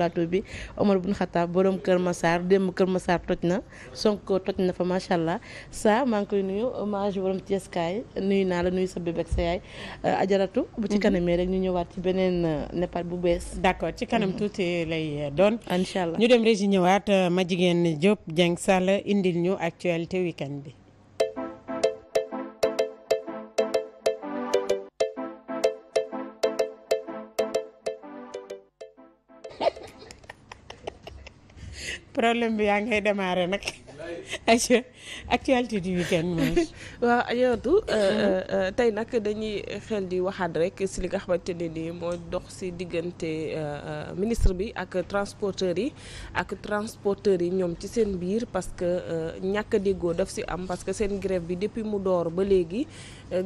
plateau bi bu Bun Xataab boroom Kër Massar démb Kër Massar toj na Sonko toj na fa macha allah saa maa ngi koy nuyu hommage borom Thièskaay nuyu naa la nuyu sa bébé ak sa yaay euh, ajaratu. bu ci mhm. kanamee rek ñu ñëwaat ci beneen euh, Nepad bu bees. d'accord ci kanam mhm. tuuti lay euh, doon. incha allah ñu dem régi ñëwaat ma jigéen Diop Dieng Sall indil ñu actualité week bi. problème bi yaa ngay démarrer nag. actualité du week-end waaw ajoatu euh, euh, euh, tey nag dañuy xel di waxaat rek si li nga xamante ne nii mooy dox si diggante ministre bi ak transporteurs yi ak transporteurs yi ñoom ci seen biir parce que ñàkk a déggoo daf si am parce que seen grève bi depuis mu door ba léegi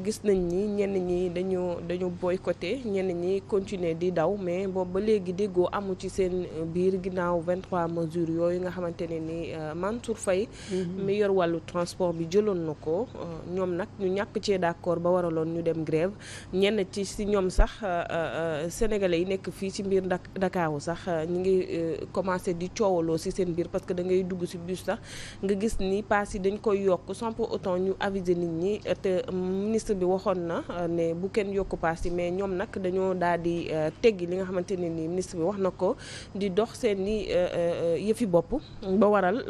gis nañ ni ñenn ñi dañoo dañoo boycotté ñenn ñi continuer di daw mais boobu ba léegi déggoo amul ci seen biir ginnaaw 23 mesures yooyu nga xamante ne ni Mansour Faye mm-hmm. mi yor wàllu transport bi jëloon na ko euh, ñoom nag ñu ñàkk cee d'accord ba waraloon ñu dem grève ñenn ci si ñoom sax euh, euh, sénégalais yi nekk fii ci mbir Ndakaaru sax ñu ngi commencé di coowaloo si seen biir parce que da ngay dugg si bus sax nga gis ni paas yi dañ koy yokk sans pour ñu aviser nit ñi te ministre bi waxoon na ne bu kenn yokk paas yi mais ñoom nag dañoo daal di teggi li nga xamante ne ni ministre bi wax na ko di dox seen i yëfi bopp ba waral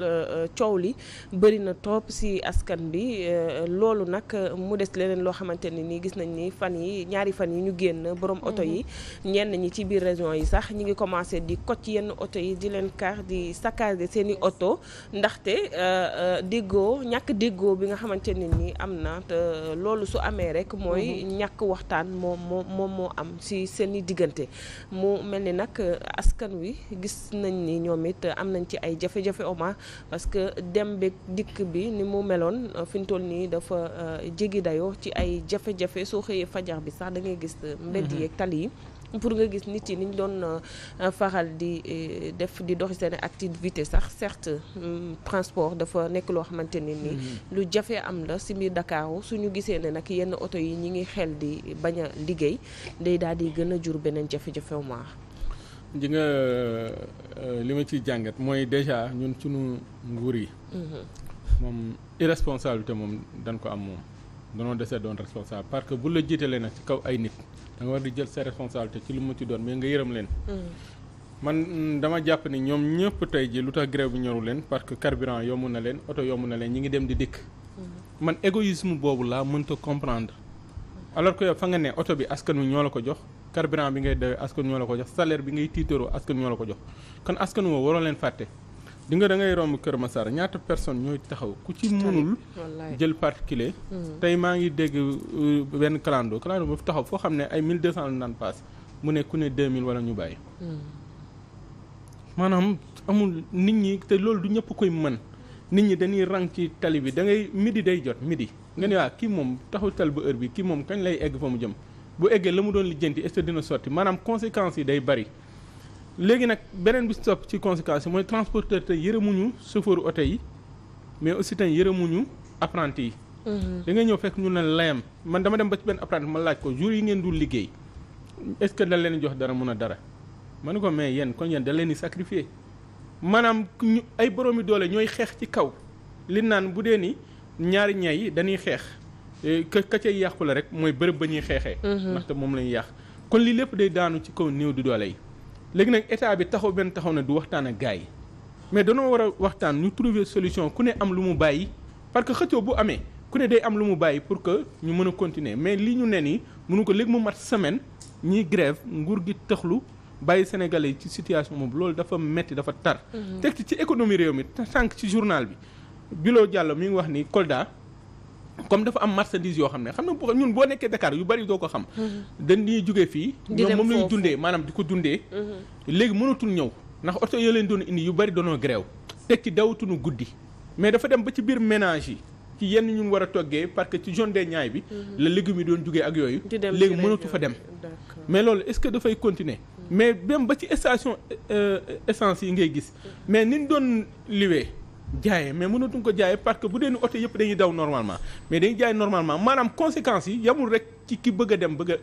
coow li bëri trop ci askan bi euh, loolu nag mu des leneen loo xamante ne nii gis nañ ni fan yi ñaari fan yi ñu génn borom oto yi mm-hmm. ñenn ñi ci biir région yi sax ñi ngi commencé di kocc yenn oto yi di leen kaar di saccagé seen i oto ndaxte euh, euh, déggoo ñàkk déggoo bi nga xamante ne nii am na te loolu su amee rek mooy mm-hmm. ñàkk waxtaan moom moo moom moo am si seen i diggante mu mel ni nag askan wi gis nañ ni ñoom it am nañ ci ay jafe-jafe oma parce dem beeg dikk bi ni mu meloon fi ñu toll nii dafa euh, jéggi dayoo ci ay jafe-jafe soo xëyee fajar bi sax dangay gis euh, mbedd mhm. yi ak tali yi pour nga gis nit yi ni doon euh, faral di def di doxi seen activité sax certes hmm, transport dafa nekk loo xamante ne ni mhm. lu jafe am la si biir Ndakaaru suñu gisee ne nag yenn oto yi ñu ngi xel di bañ a liggéey day daal di gën a jur beneen jafe-jafe mu li ma ci jàngat mooy déjà ñun suñu nguur yi mhm. moom irresponsabilité moom dañ ko am moom danoo desee doon responsable parce que bu la jiitalee nag ci kaw ay nit da war di jël sa responsabilité ci lu mu ci doon mais nga yërëm leen mm. man mm, dama jàpp ni ñoom ñëpp tey ji lu tax grève bi ñoru leen parce que carburant yomb na leen oto yomb na leen ñi ngi dem di dikk mm. man égoïsme boobu laa mënta comprendre alors que yow fa nga ne oto bi askan wi ñoo la ko jox carburant bi ngay dawee askan ñoo la ko jox salaire bi ngay tiitaroo askan ñoo la ko jox kon askan woo waroo leen fàtte di nga da ngay romb Kër Massar ñaata personne ñooy taxaw ku ci mënul jël particulier mm-hmm. tey maa ngi dégg euh, benn clando clando moo fi taxaw foo xam ne ay 1200 la naan paas mu ne ku ne 2000 wala ñu bàyyi mm-hmm. maanaam amul nit ñi te loolu du ñëpp koy mën nit ñi dañuy rang ci tali bi dangay ngay midi day jot midi nga ne waa ah, kii moom taxaw tali ba heure bi kii moom kañ lay egg fa mu jëm bu eggee la mu doon lijjanti est-ce que dina sotti maanaam conséquences yi day bari léegi nag beneen bi topp ci conséquence mooy transporteur tey yërëmuñu chauffeur oto yi mais aussi tey yërëmuñu apprenti yi. Mhm. da nga ñëw fekk ñu ne layam man dama dem ba ci benn apprenti ma laaj ko jur yi ngeen dul liggéey est-ce que da leen jox dara mun a dara ma ne ko mais yéen kon yéen da leen di sacrifier maanaam ñu ay boroomi doole ñooy xeex ci kaw li naan bu dee ni ñaari ñay yi dañuy xeex eh, ka ka cay yàqu la rek mooy bërëb ba ñuy xeexee. Mhm. ndaxte moom la ñuy yàq kon lii lépp day daanu ci kaw néew di doole yi. léegi nag état bi taxaw benn taxaw na du waxtaan a gars yi mais danoo war a waxtaan ñu trouver solution ku ne am lu mu bàyyi parce que xëccoo bu amee ku ne day am lu mu bàyyi pour que ñu mën a continuer mais li ñu ne nii mënu ko léegi mu mat semaine ñiy grève nguur gi tëxlu bàyyi Sénégalais yi ci situation moom loolu dafa metti dafa tar. Mhm. teg ci économie réew mi sànq ci journal bi Bilo Diallo mi ngi wax ni Kolda. comme dafa am marchandise yoo xam ne xam nga ñun boo nekkee Dakar yu bari doo ko xam. dañuy jóge fii. ñoom moom lañu dundee maanaam di ko dundee. Mhm. léegi mënatul ñëw ndax oto yoo leen doon indi yu bari doonoo gréew. teg ci guddi mais dafa dem ba ci biir ménage yi ci yenn ñu war a toggee parce que ci zone des Niayes bi. Mhm. la légumes yi doon jógee ak yooyu. léegi mënatu fa dem. mais loolu est-ce que dafay continuer. Mhm. mais dem ba ci station euh, essence yi ngay gis mais niñ doon liwee. jaayee mais mënatuñ ko jaaye parce que bu dee ni oto yëpp dañuy daw normalement mais dañuy jaay normalement maanaam conséquences yi yamul rek ci ki bëgg a dem bëgg a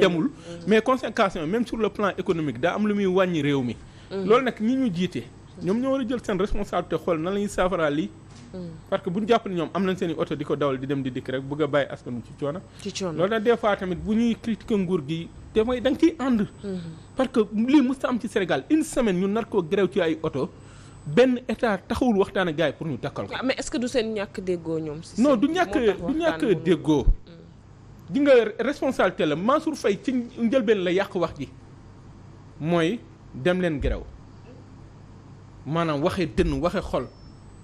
demul mm. mais conséquences yi même sur le plan économique daa am lu muy wàññi réew mi mm. loolu nag ñi ñu jiite ñoom ñoo war a jël seen responsabilité xool na la ñuy saafaraa lii mm. parce que bu ñu jàpp ne ñoom am nañ seen i di ko dawal di dem di dikk rek bëgg a bàyyi askan ci coono loolu nag des fois tamit bu ñuy critiquer nguur te mooy da nga ciy ànd mm-hmm. parce que lii mës ta ci Sénégal une semaine ñu nar koo gréw ci ay oto benn état taxawul waxtaan ak gars pour ñu dakkal ko. Ah, mais est-ce que du seen ñàkk déggoo ñoom. si non du ñàkk du ñàkk déggoo. Mm. di nga responsabilité la Mansour fay ci njëlbeen la yàq wax ji mooy dem leen grève maanaam waxee dënn waxee xol.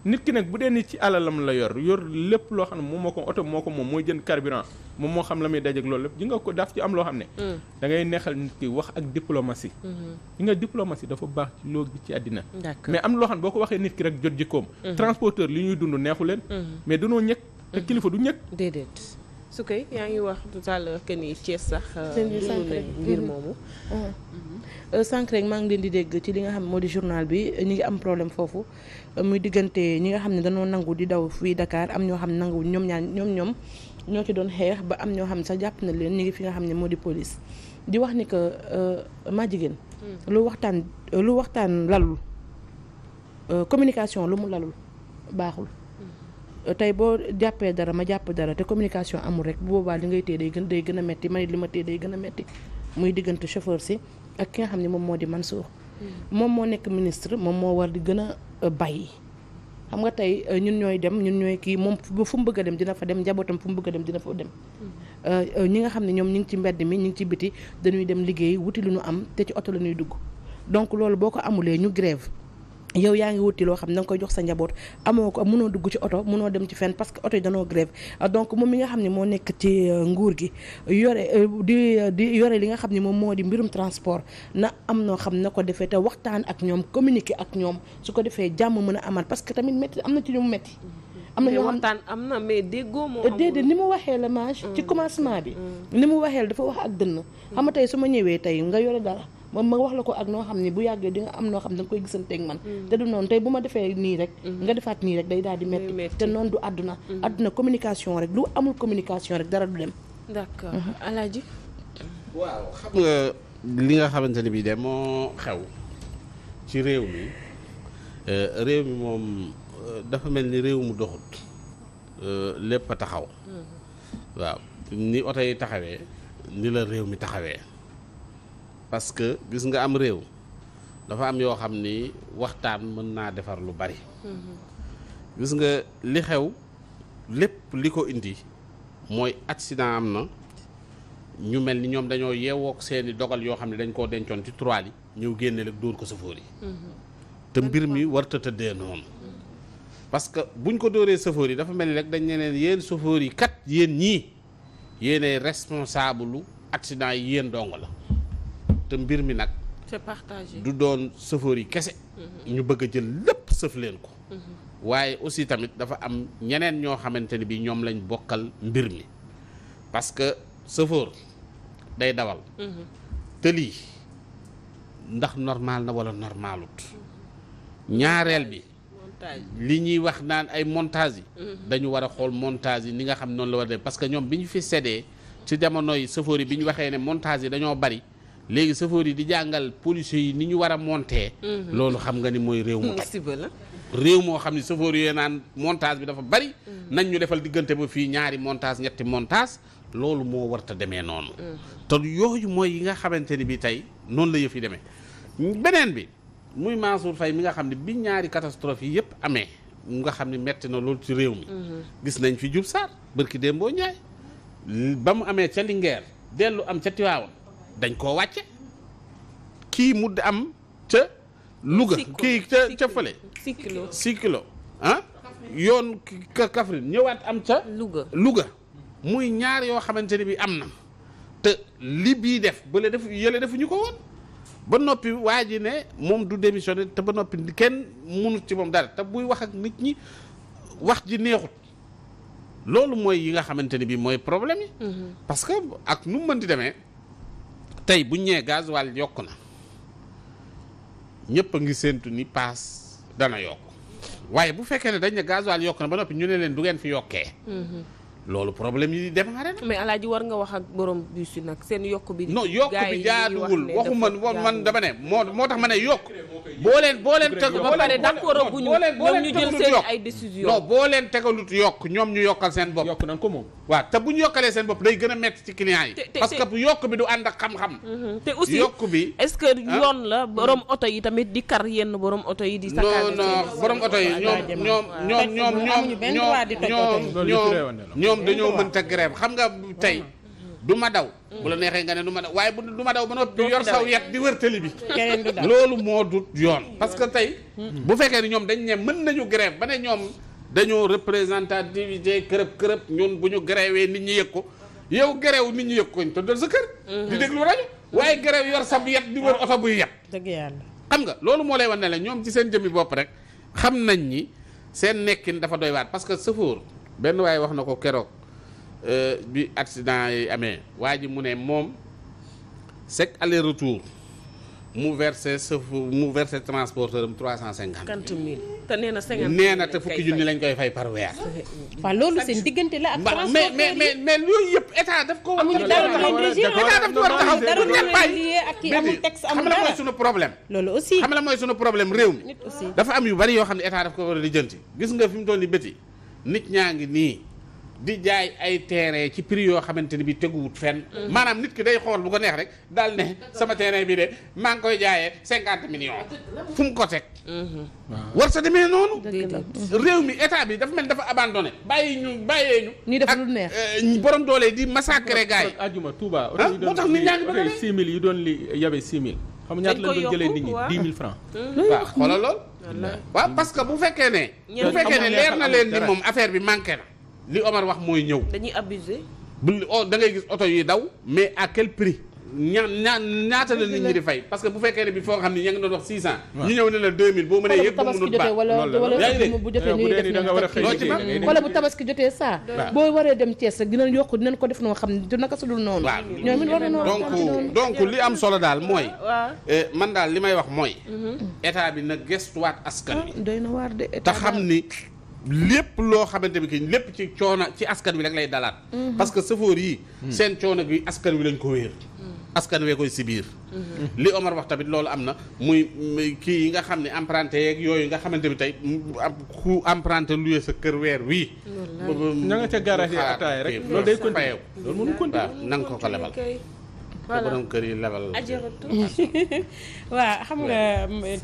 nit ki nag bu dee nit ci alalam la yor yor lépp loo xam ne moom moo ko oto moo ko moom mooy jënd carburant moom moo xam la muy dajeeg loolu lépp ji nga ko daaf ci am loo xam ne. Mm. da ngay neexal nit ki wax ak diplomatie. Mm-hmm. ji nga diplomatie dafa baax ci loo gi ci àddina. mais am loo xam ne boo ko waxee nit ki rek jot jikkoom. Mm-hmm. transporteur li ñuy dund neexu leen. Mm-hmm. mais danoo ñëkk te kilifa du ñëkk. déedéet. su koy yaa ngi wax tout à l'heure que ni Thiès sax. Euh, dund nañ moomu. Mm-hmm. Euh, mm-hmm. Euh, sànq rek maa ngi leen di dégg ci li nga xam moo di journal bi ñi ngi am problème foofu muy diggante ñi nga xam ne danoo nangu di daw fii Dakar am ñoo xam ne nanguwul ñoom ñaar ñoom ñoom ñoo ci doon xeex ba am ñoo xam sax jàpp na leen ñi ngi fi nga xam ne moo di police di wax ni que maa jigéen. Mm. lu waxtaan lu waxtaan lalul communication lu mu lalul baaxul. tey boo jàppee dara ma jàpp dara te communication amul rek boobaa li ngay téye day gën day gën a metti man li ma téye day gën a metti muy diggante chauffeur si ak ki nga xam ne moom moo di man Mansour hmm. moom moo nekk ministre moom moo war di gën a euh, bàyyi xam nga tey euh, ñun ñooy dem ñun ñooy kii moom fu mu bëgg a dem dina fa dem njabootam fu mu bëgg a dem dina fa dem hmm. euh, ñi nga xam ne ñoom ñu ngi ci mbedd mi ñu ngi ci biti dañuy dem liggéey wuti lu ñu am te ci oto la ñuy dugg donc loolu boo ko amulee ñu grève yow yaa ngi wuti loo xam ne danga koy jox sa njaboot amoo ko mënoo dugg ci oto mënoo dem ci fen parce que oto yi danoo grève donc moom mi nga xam ne moo nekk ci euh, nguur gi yore euh, di di yore li nga xam ne moom moo di mbirum transport na am noo xam na ko defee te waxtaan ak ñoom communiquer ak ñoom su ko defee jàmm mën a amaat parce que tamit métti am na ci ñu mu métti am na ñoo xam am na mais déggoo moo déedéet ni mu waxee la mange ci mm. commencement bi mm. ni mu waxee dafa wax ak dënn mm. xam nga tey su ma ñëwee tey nga yore dara ma ma wax la ko ak noo xam ne bu yàggee dinga am noo xam ne da nga koy gisanteeg man mm. te du noonu tey bu ma defee nii rek mm. nga defaat nii rek day daal di metti te noonu du àdduna mm. àdduna communication rek lu amul communication dara du dem d'accord mm-hmm. Alaaji nga li nga xamante ne bii de moo xew ci réew mi euh, réew mi moom euh, dafa mel ni réew mu doxut euh, lépp a taxaw mm-hmm. waaw ni oto taxawee ni la réew mi taxawee parce que gis nga am réew dafa am yoo xam ni waxtaan mën naa defar lu bari. gis nga li xew lépp li ko indi mooy accident am na ñu mel ni ñoom dañoo yeewook seeni dogal yoo xam ne dañ koo dencoon ci trois yi ñëw génne rek dóor ko sëfoor yi te mbir mi warta tëddee noonu parce que buñ ko dóoree sëfoor yi dafa mel ni rek dañ ne leen yéen sëfoor yi kat yéen ñii yéenay responsable lu accident yi yéen dong la te mbir mi nag. c'est du doon sëfoor yi kese. Mhm. ñu bëgg a jël lépp sëf leen ko. Mhm. waaye aussi tamit dafa am ñeneen ñoo xamante ni bi ñoom lañ bokkal mbir mi parce que sëfoor day dawal. Mhm. te lii ndax normal na wala normalut ñaareel bi. li ñuy wax naan ay montage yi. dañu war a xool montage yi ni nga xam noonu la war a def que ñoom bi ñu fi séddee ci jamono yi sëfoor yi bi ñu waxee ne montage yi dañoo bari. léegi safoor yi di jàngal policiers yi ni ñu war a monter. Mhm. loolu xam nga ni mooy réew mu tàj réew moo xam ne safoor yooyu naan montage bi dafa bari mhm. nañ ñu defal diggante ba fii ñaari montage ñetti montage loolu moo warta demee noonu mhm. te yooyu mooy yi nga xamante ni bi tey noonu la yëf yi demee beneen bi muy Mansour Faye mi nga xam ne bi ñaari catastrophe yi yëpp amee nga xam ni metti na loolu ci réew mi gis nañ fi Diouf Sarr bërki Dembo Ndiaye ba mu amee ca Linguère dellu am ca dañ koo wàcce kii mu am ca Louga kii ca ca fële Sikilo ah yoon Kaffrine ñëwaat am ca Louga muy ñaar yoo xamante ne bi am na te li bii def bële def yële defuñu ko woon ba noppi waa ji ne moom du démissionné te ba noppi kenn mënut ci moom dara te buy wax ak nit ñi wax ji neexut loolu mooy yi nga xamante ne bi mooy problème yi mm-hmm. parce que ak nu mu mën di demee tey bu ñëwee gasoil yokk na ñëpp a ngi séentu ni paas dana yokk waaye bu fekkee ne dañ ne gasoil yokk na ba noppi ñu ne leen du ngeen fi yokkee. Mhm. loolu problème yi démarré na. mais alaaji war nga wax ak borom bus yi nag seen yokk bi. non yokk bi jaaduwul waxuma man dama ne moo moo tax ma ne yokk. boo leen boo leen teg ba pare d'accord guñu ñoom ñu jël seen ay décision non boo leen tegalut yokk ñoom ñu yokkal seen bopp yokk nañ ko moom waaw te bu ñu yokkalee seen bopp day gën a métti ci client yi parce que yokk bi du ànd ak xam-xam mm-hmm. te aussi yokk bi est-ce que ah? yoon la borom oto yi tamit di kar yenn borom oto yi di sakkaane non non borom oto yi ñoom ñoom ñoom ñoom ñoom ñoom ñoom ñoom dañoo mënta grève xam nga tey du ma daw. bu nga ne du ma waaye bu du ma daw ba noppi yor saw yet di wër tëli bi. loolu moo dut yoon. parce que tey. Hmm. bu fekkee ni ñoom dañ ne mën nañu grève ba ne ñoom dañoo représentativité kërëb kërëb ñun bu ñu gréwee nit ñi yëg ko yow gréw nit ñi yëg ko ñu tëddal sa kër. Hmm. di déglu rajo waaye gréw yor sab yet di wër oto buy yet. dëgg xam nga loolu moo lay wan ne la ñoom ci seen jëmmi bopp rek xam nañ ni seen nekkin dafa doy waat parce que sëfoor benn waaye wax na ko keroog Euh, bi accident yi amee waa ji mu ne moom sec aller retour mu versé sa mu versé transporteur am trois cent cinquante mille te nee na cinquante nee na te fukki junni lañ koy fay par weer. waaw loolu seen diggante la ak. transporteur mais mais mais mais yooyu yëpp état daf ko. amuñu dara daf ko war a taxaw dara amul texte amul dara xam la mooy sunu problème. loolu aussi xam la mooy sunu problème réew mi. dafa am yu bari yoo xam ne état daf ko war a lijjanti. gis nga fi mu toll nii bëti nit ñaa ngi nii. di jaay ay terrain ci prix yoo xamante ni bi teguwut fen mm-hmm. maanaam nit ki day xool bu ko neex rek daal ne sama terrain bi de maa ngi koy jaayee cinquante million mm-hmm. fu mu ko teg mm-hmm. war sa demee noonu réew mi état bi dafa mel dafa abandonné bàyyi ñu bàyyee ñu ak euh, borom doole di massacré gars yi ajuma Touba ah, moo tax nit ñaa ngi bëgg six mille yi doon li yabe six mille xam ñaata doon jëlee nit ñi dix mille francs waaw lool waaw parce que bu fekkee ne bu fekkee ne leer na leen moom affaire bi manqué na li Omar wax mooy ñëw. dañuy abuser. bu da ngay gis oto yuy daw mais à quel prix. ña ña ñaata la nit ñi di fay parce que bu fekkee ne bi foo xam ne ña ngi doon wax 600. ñu ñëw ne la 2000 boo mënee yëg bu tabaski jotee saa. boo waree dem Thiès rek dinañ yokk dinañ ko def noo xam ne du naka su dul noonu. ñoom it war na noonu donc li am solo daal mooy. Eh, man daal li may wax mooy. Mhm. état bi na gestuwaat askan bi. Ah, doy na waar de état te xam ni. lépp loo xamante bi que lépp ci coono ci askan wi rek lay dalaat. Mhm. parce que sëfoor yi. Mhm. seen coono gi askan wi lañ ko wéer. Mhm. askan wee koy si biir. li Omar wax tamit loolu am na muy kii yi nga xam ne emprunté yeeg yooyu nga xamante bi tey ku emprunté luye sa kër weer wii. na nga ca garage ataaya rek loolu day continué loolu mënu continué na nga ko ko lebal. voilà borom kër yi lebal xam nga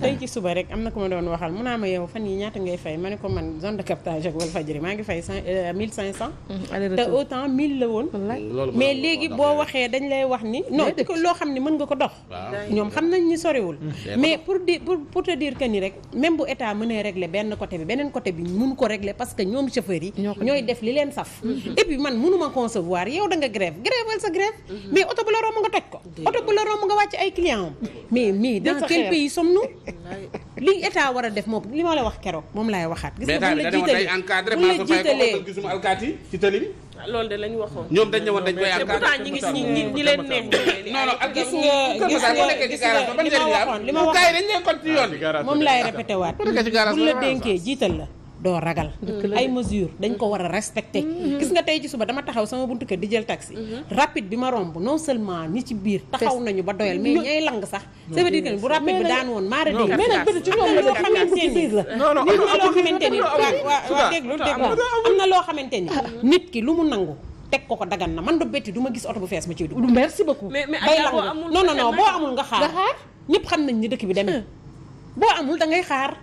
tey ci suba rek am na ku ma doon waxal mun a ma yow fan yi ñaata ngay fay ma ne ko man zone de captage ak Walfadjri maa ngi fay cent euh, mille cinq cent. Mm, te autant mille la woon. mais léegi boo waxee dañ lay wax ni. non loo xam ne mën nga ko dox. ñoom xam nañ ni soriwul. Mm. mais pour di pour pour te dire que ni rek même bu état mënee régler benn côté bi beneen côté bi mun ko régler parce que ñoom chauffeurs yi. ñooy def li leen saf. Mm-hmm. et puis man mënuma concevoir yow da nga grève grével toj ko oto bu la romb nga wàcc ay client am mais mais dans quel pays sommes-nous li état war a def moom li ma la wax keroog moom laay waxaat gis nga bu la jiitalee bu la jiitalee ah, loolu de lañu waxoon ñoom dañ ne woon dañ koy alkaati ñi ngi si ñi ñi leen neex non non ak gis nga li ma waxoon li ma waxoon moom laay répété waat bu la dénkee jiital la doo ragal mm-hmm. ay mesures dañ ko war a respecter mm-hmm. gis nga tey ci suba dama taxaw sama buntu kër di jël taxi mm-hmm. rapide bi ma romb non seulement ñi ci biir taxaw nañu ba doyal mais ñay lang sax ça veut dire bu rapide bi daan woon maara dégg mais nag ci am na loo xamante ni ni nit ki lu mu nangu teg ko ko dagan na man du betti du ma gis oto bu fees ma ci du merci beaucoup bay lang non non boo amul nga xaar ñëpp xam nañ ni dëkk bi demee boo amul da ngay xaar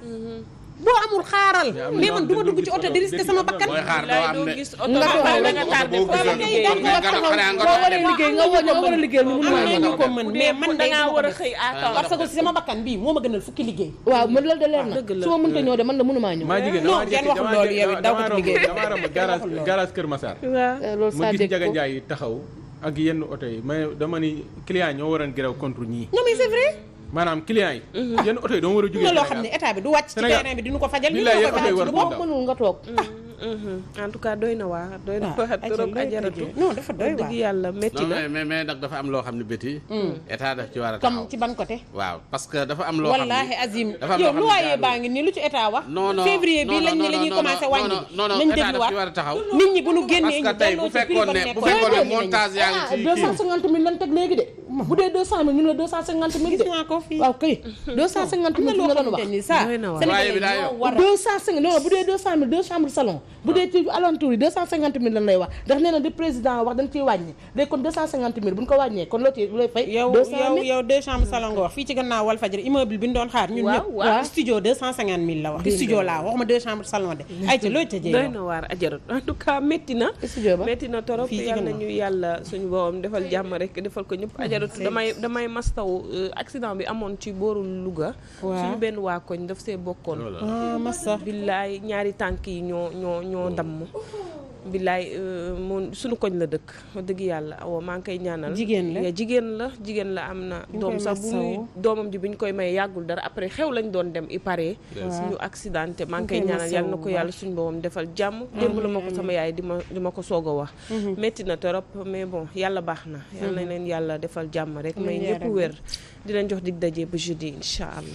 boo amul xaaral mais man du ma dugg ci oto di risque sama bakkan nga doxal waaw kay danga boo waree liggéey nga woo nga war a liggéey ni mun naa ñu ko mën mais man dangaa war a xëy à taw parce que si sama bakkan bi moo ma gënal fukki liggéey waaw man loolu de leer na su ma mënta ñëw de man la mënumaa ñëw non kenn waxul loolu yow it daw ko liggéey dama romb garage garage Kër Massar ma gis Njaga taxaw ak yenn oto yi mais dama ni client ñoo waroon gréw maanaam client yi mhm. yenn oto yi dama war a jógee loo xam ne état bi du wàcc ci terrain bi diñu ko fajal ko fajal mhm, mhm. Ah, yàlla métti na mais mais nag dafa am loo xam ne béti hmm. état a taxaw comme ci ban côté waaw parce que dafa am loo xam ne wallaahi azim yow lu waayee baa ngi la ñuy commencé wàññi non non état daf ci war a nit ñi bu ñu génnee ñu bu fekkoon ne bu fekkoon ne montage yaa ngi ci 250 000 ah, lañ teg léegi de bu dee 200000 ñu ne 250000. gis naa ko fii waaw kay. 250000 nga doon wax waaye bi daa yokk 250 non bu dee 200000 deux chambres salon. bu dee ci alentour yi 250000 lañ lay wax ndax nee na di président wax dañ ciy wàññi léegi kon 250000 bu ñu ko wàññee kon loo ciy looy fay. 200000 yow yow yow deux chambres salon nga wax fii ci gannaaw Walfadjri immeuble bi ñu doon xaar. ñun ñëpp studio 250000 la wax. studio laa wax ma deux chambres salon de. ayca looy tëjee doy na waar ajarut en tout cas métti na. studio ba métti na torop yàlla ñu yàlla suñu boobam defal jàmm rek defal ko ñëpp damay damay mastaw euh, accident bi amoon ci booru Louga. suñu benn waa koñ def see bokkoon. Oh ah, massa billaay ñaari tànk yi ñoo ñoo ñoo damm. billaay euh, moom suñu koñ la dëkk ma dëgg yàlla awa maa ngi koy ñaanal. jigéen la jigéen la jigéen la am na. doom sax bu doomam ji bi ñu koy may yàggul dara après xew lañ doon dem i pare. suñu accidenté maa ngi koy ñaanal yàlla na ko yàlla suñ boobam defal jàmm. démb la ma ko sama yaay di ma di ma ko soog wax. métti mhm. na trop mais bon yàlla baax na. yàlla mhm. na leen yàlla defal jàmm rek. may ñëpp wér di leen jox dig daje ba jeudi incha allah.